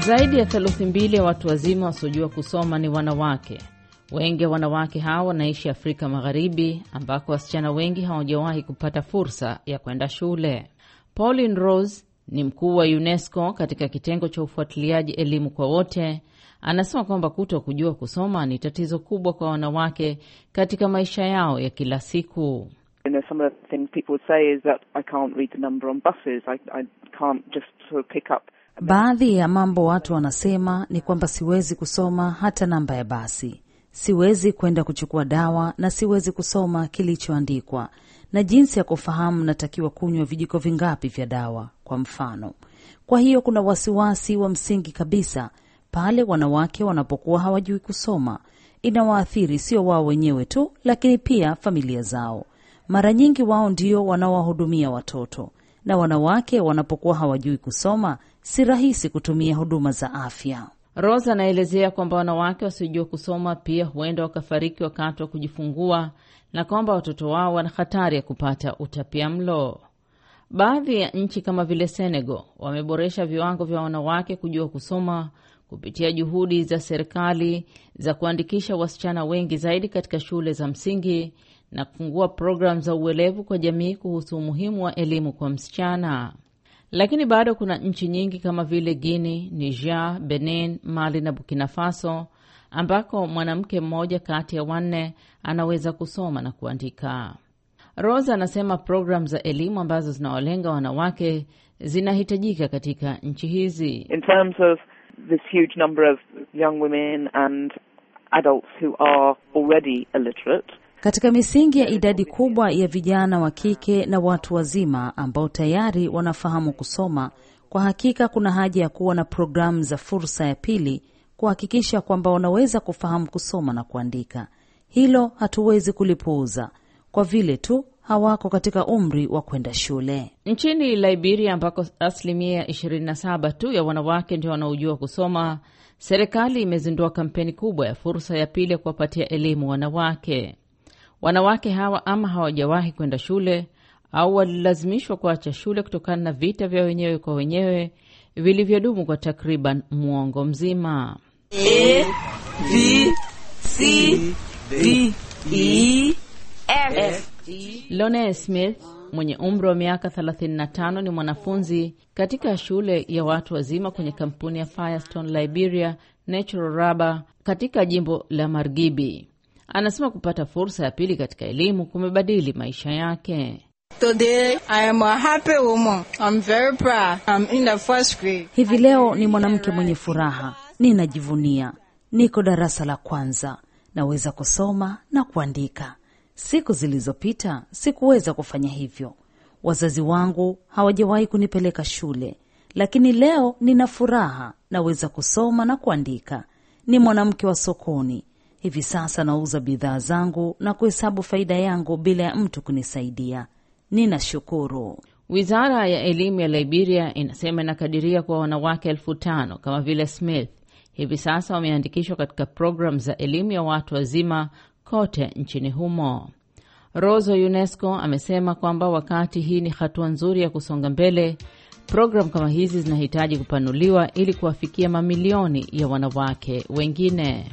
Zaidi ya theluthi mbili ya watu wazima wasiojua kusoma ni wanawake. Wengi wa wanawake hawa wanaishi Afrika Magharibi, ambako wasichana wengi hawajawahi kupata fursa ya kwenda shule. Pauline Rose ni mkuu wa UNESCO katika kitengo cha ufuatiliaji elimu kwa wote. Anasema kwamba kuto kujua kusoma ni tatizo kubwa kwa wanawake katika maisha yao ya kila siku. Baadhi ya mambo watu wanasema ni kwamba siwezi kusoma hata namba ya basi, siwezi kwenda kuchukua dawa na siwezi kusoma kilichoandikwa na jinsi ya kufahamu natakiwa kunywa vijiko vingapi vya dawa, kwa mfano. Kwa hiyo kuna wasiwasi wa msingi kabisa pale wanawake wanapokuwa hawajui kusoma. Inawaathiri sio wao wenyewe tu, lakini pia familia zao. Mara nyingi wao ndio wanaowahudumia watoto na wanawake wanapokuwa hawajui kusoma, si rahisi kutumia huduma za afya. ros anaelezea kwamba wanawake wasiojua kusoma pia huenda wakafariki wakati wa kujifungua na kwamba watoto wao wana hatari ya kupata utapia mlo. Baadhi ya nchi kama vile Senegal wameboresha viwango vya wanawake kujua kusoma kupitia juhudi za serikali za kuandikisha wasichana wengi zaidi katika shule za msingi na kufungua programu za uelevu kwa jamii kuhusu umuhimu wa elimu kwa msichana. Lakini bado kuna nchi nyingi kama vile Guinea, Niger, Benin, Mali na Burkina Faso ambako mwanamke mmoja kati ya wanne anaweza kusoma na kuandika. Rosa anasema programu za elimu ambazo zinawalenga wanawake zinahitajika katika nchi hizi. In terms of this huge number of young women and adults who are already illiterate katika misingi ya idadi kubwa ya vijana wa kike na watu wazima ambao tayari wanafahamu kusoma. Kwa hakika kuna haja ya kuwa na programu za fursa ya pili kuhakikisha kwamba wanaweza kufahamu kusoma na kuandika. Hilo hatuwezi kulipuuza kwa vile tu hawako katika umri wa kwenda shule. Nchini Liberia, ambako asilimia 27 tu ya wanawake ndio wanaojua kusoma, serikali imezindua kampeni kubwa ya fursa ya pili ya kuwapatia elimu wanawake. Wanawake hawa ama hawajawahi kwenda shule au walilazimishwa kuacha shule kutokana na vita vya wenyewe kwa wenyewe vilivyodumu kwa takriban mwongo mzima. A, e, B, C, D, E, F. Lone Smith mwenye umri wa miaka 35 ni mwanafunzi katika shule ya watu wazima kwenye kampuni ya Firestone Liberia Natural Rubber katika jimbo la Margibi anasema kupata fursa ya pili katika elimu kumebadili maisha yake. Today, I am a happy woman. I'm very proud. I'm in the first grade. Hivi leo ni mwanamke mwenye furaha, ninajivunia. Niko darasa la kwanza, naweza kusoma na kuandika. Siku zilizopita sikuweza kufanya hivyo. Wazazi wangu hawajawahi kunipeleka shule, lakini leo nina furaha, naweza kusoma na kuandika. Ni mwanamke wa sokoni, hivi sasa nauza bidhaa zangu na kuhesabu faida yangu bila ya mtu kunisaidia. Ninashukuru. Wizara ya elimu ya Liberia inasema inakadiria kuwa wanawake elfu tano kama vile Smith hivi sasa wameandikishwa katika programu za elimu ya watu wazima kote nchini humo. Roso UNESCO amesema kwamba wakati hii ni hatua nzuri ya kusonga mbele, programu kama hizi zinahitaji kupanuliwa ili kuwafikia mamilioni ya wanawake wengine.